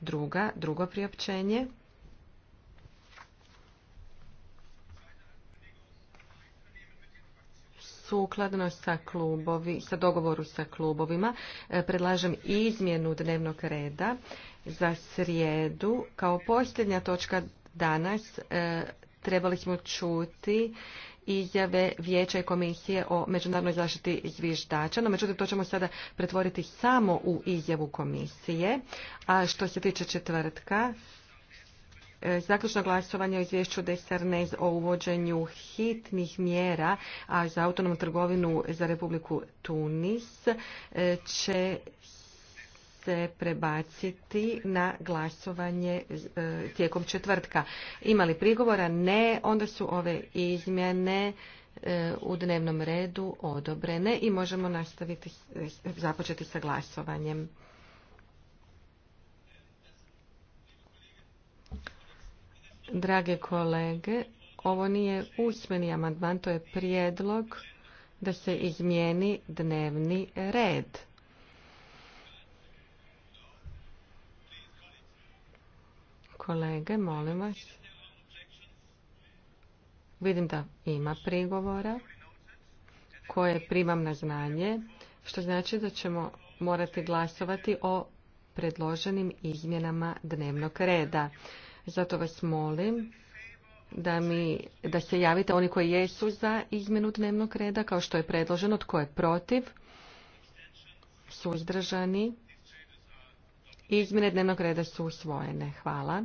Druga, drugo priopćenje. sukladno sa klubovi, sa dogovoru sa klubovima e, predlažem izmjenu dnevnog reda za srijedu kao posljednja točka danas e, trebali smo čuti izjave vijeća i komisije o međunarodnoj zaštiti zviždača, no međutim to ćemo sada pretvoriti samo u izjavu komisije. A što se tiče četvrtka, e, Zaključno glasovanje o izvješću Desarnez o uvođenju hitnih mjera za autonomnu trgovinu za Republiku Tunis e, će se prebaciti na glasovanje e, tijekom četvrtka. Imali prigovora? Ne. Onda su ove izmjene e, u dnevnom redu odobrene i možemo nastaviti započeti sa glasovanjem. Drage kolege, ovo nije usmeni amandman, to je prijedlog da se izmijeni dnevni red. Kolege, molim vas. Vidim da ima prigovora koje primam na znanje, što znači da ćemo morati glasovati o predloženim izmjenama dnevnog reda. Zato vas molim da, mi, da se javite oni koji jesu za izmjenu dnevnog reda, kao što je predloženo, tko je protiv, suzdržani. Izmjene dnevnog reda su usvojene. Hvala.